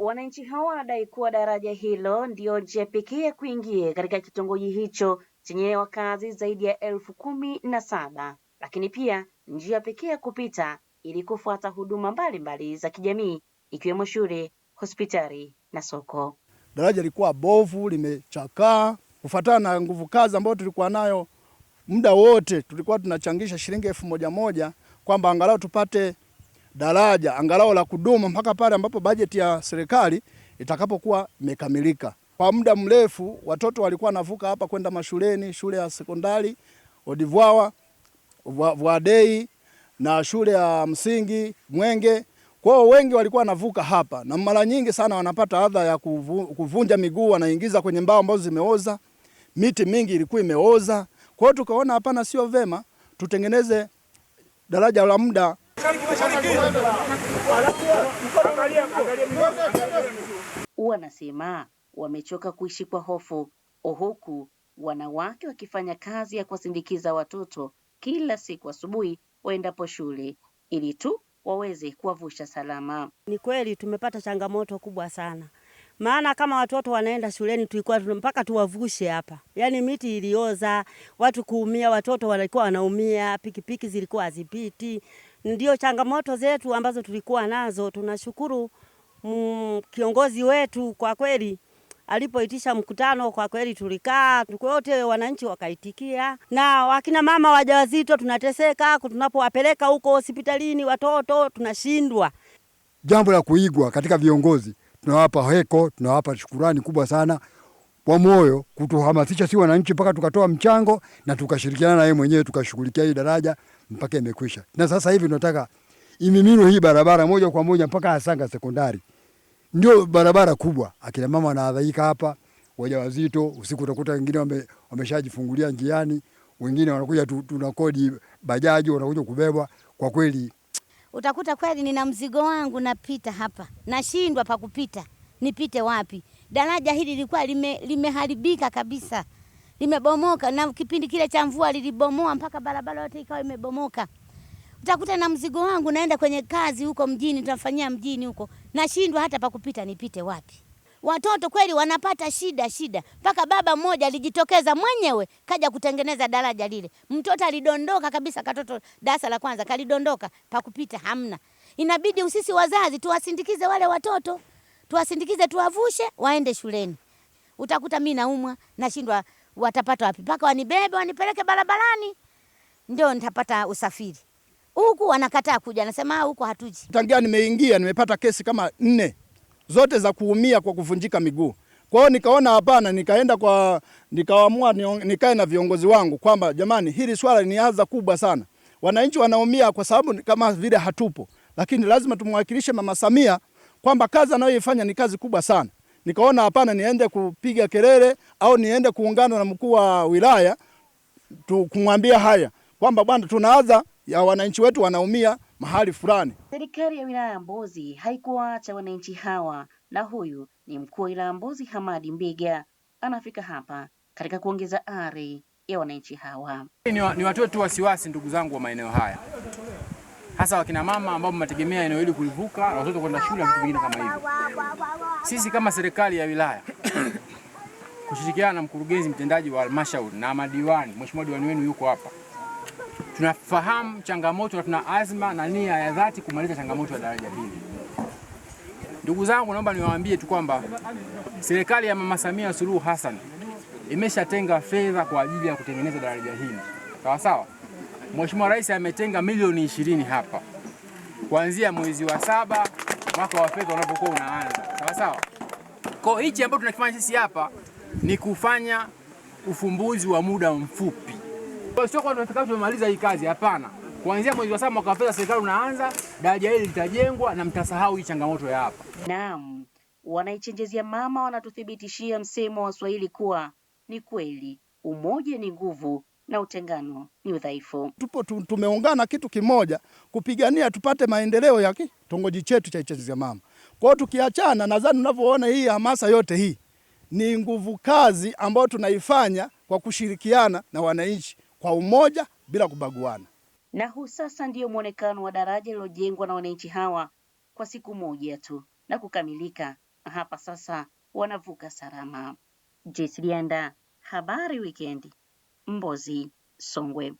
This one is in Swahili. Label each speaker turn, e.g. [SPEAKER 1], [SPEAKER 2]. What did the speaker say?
[SPEAKER 1] Wananchi hao wanadai kuwa daraja hilo ndiyo njia pekee ya kuingia katika kitongoji hicho chenye wakazi zaidi ya elfu kumi na saba, lakini pia njia pekee ya kupita ili kufuata huduma mbalimbali za kijamii ikiwemo shule, hospitali na soko.
[SPEAKER 2] Daraja lilikuwa bovu, limechakaa kufuatana na nguvu kazi ambayo tulikuwa nayo muda wote. Tulikuwa tunachangisha shilingi elfu moja moja kwamba angalau tupate daraja angalau la kudumu mpaka pale ambapo bajeti ya serikali itakapokuwa imekamilika. Kwa muda mrefu watoto walikuwa wanavuka hapa kwenda mashuleni, shule ya sekondari Odivwawa, Vwadei na shule ya msingi Mwenge. Kwao wengi walikuwa wanavuka hapa, na mara nyingi sana wanapata adha ya kuvu, kuvunja miguu, wanaingiza kwenye mbao ambazo zimeoza, miti mingi ilikuwa imeoza. Kwa hiyo tukaona hapana, sio vema, tutengeneze daraja la muda.
[SPEAKER 1] Wanasema wamechoka kuishi kwa hofu, huku wanawake wakifanya kazi ya kuwasindikiza watoto kila siku asubuhi waendapo shule ili tu waweze kuwavusha salama.
[SPEAKER 3] Ni kweli tumepata changamoto kubwa sana, maana kama watoto wanaenda shuleni tulikuwa mpaka tuwavushe hapa, yaani miti ilioza, watu kuumia, watoto walikuwa wanaumia, pikipiki zilikuwa hazipiti ndio changamoto zetu ambazo tulikuwa nazo. Tunashukuru kiongozi wetu kwa kweli alipoitisha mkutano, kwa kweli tulikaa wote, wananchi wakaitikia, na wakina mama wajawazito tunateseka, tunapowapeleka huko hospitalini watoto tunashindwa.
[SPEAKER 2] Jambo la kuigwa katika viongozi, tunawapa heko, tunawapa shukurani kubwa sana kwa moyo kutuhamasisha si wananchi mpaka tukatoa mchango na tukashirikiana na yeye mwenyewe tukashughulikia hii daraja mpaka imekwisha. Na sasa hivi tunataka imiminwe hii barabara moja kwa moja mpaka Asanga Sekondari, ndio barabara kubwa. Akina mama wanahadhaika hapa, wajawazito usiku utakuta wengine wameshajifungulia wame, njiani, wengine wanakuja tu, tunakodi bajaji wanakuja kubebwa. Kwa kweli
[SPEAKER 4] utakuta kweli, nina mzigo wangu napita hapa, nashindwa pa kupita, nipite wapi? daraja hili lilikuwa limeharibika lime, kabisa, limebomoka na kipindi kile cha mvua lilibomoa mpaka barabara yote ikawa imebomoka. Utakuta na mzigo wangu naenda kwenye kazi huko mjini, tunafanyia mjini huko, nashindwa hata pakupita, nipite wapi? Watoto kweli wanapata shida shida, mpaka baba mmoja alijitokeza mwenyewe kaja kutengeneza daraja lile. Mtoto alidondoka kabisa, katoto darasa la kwanza kalidondoka, pakupita hamna. Inabidi usisi wazazi tuwasindikize wale watoto tuwasindikize, tuwavushe waende shuleni. Utakuta mi naumwa, nashindwa, watapata wapi? Mpaka wanibebe wanipeleke barabarani ndio nitapata usafiri. Huku wanakataa kuja, nasema ah, huku hatuji.
[SPEAKER 2] Tangia nimeingia nimepata kesi kama nne, zote za kuumia kwa kuvunjika miguu. Kwa hiyo nikaona hapana, nikaenda kwa, nikaamua nikae na viongozi wangu kwamba jamani, hili swala ni adha kubwa sana, wananchi wanaumia kwa sababu kama vile hatupo, lakini lazima tumwakilishe Mama Samia kwamba kazi anayoifanya ni kazi kubwa sana. Nikaona hapana, niende kupiga kelele au niende kuungana na mkuu wa wilaya kumwambia haya kwamba bwana, tuna ya wananchi wetu wanaumia mahali fulani.
[SPEAKER 1] Serikali ya wilaya ya Mbozi haikuwaacha wananchi hawa, na huyu ni mkuu wa wilaya ya Mbozi Hamadi mbiga anafika hapa katika kuongeza ari ya wananchi hawa.
[SPEAKER 5] Ni watoe tu wasiwasi, ndugu zangu wa maeneo haya hasa wakina mama ambao mnategemea eneo hili kulivuka na watoto kwenda shule na vitu vingine kama hivyo. Sisi kama serikali ya wilaya kushirikiana na mkurugenzi mtendaji wa halmashauri na madiwani, mheshimiwa diwani wenu yuko hapa, tunafahamu changamoto na tuna azma na nia ya dhati kumaliza changamoto ya daraja hili. Ndugu zangu, naomba niwaambie tu kwamba serikali ya Mama Samia Suluhu Hassan imeshatenga fedha kwa ajili ya kutengeneza daraja hili, sawa sawa. Mheshimiwa Rais ametenga milioni ishirini hapa kuanzia mwezi wa saba mwaka wa fedha unapokuwa unaanza, sawa sawa. Kwa hichi ambacho tunakifanya sisi hapa ni kufanya ufumbuzi wa muda mfupi, sio kwa tunataka tumemaliza hii kazi, hapana. Kuanzia mwezi wa saba mwaka wa fedha serikali unaanza, daraja hili litajengwa na mtasahau hii changamoto ya hapa.
[SPEAKER 1] Naam, wanaichenjezia mama wanatuthibitishia msemo wa Swahili kuwa ni kweli umoja ni nguvu na utengano ni udhaifu.
[SPEAKER 2] Tupo tumeungana kitu kimoja kupigania tupate maendeleo ya kitongoji chetu cha ya mama. Kwa hiyo tukiachana, nadhani unavyoona hii hamasa yote hii ni nguvu kazi ambayo tunaifanya kwa kushirikiana na wananchi kwa umoja bila kubaguana.
[SPEAKER 1] Na huu sasa ndiyo mwonekano wa daraja lilojengwa na wananchi hawa kwa siku moja tu na kukamilika hapa. Sasa wanavuka salama. Jesilianda, habari wikendi. Mbozi, Songwe.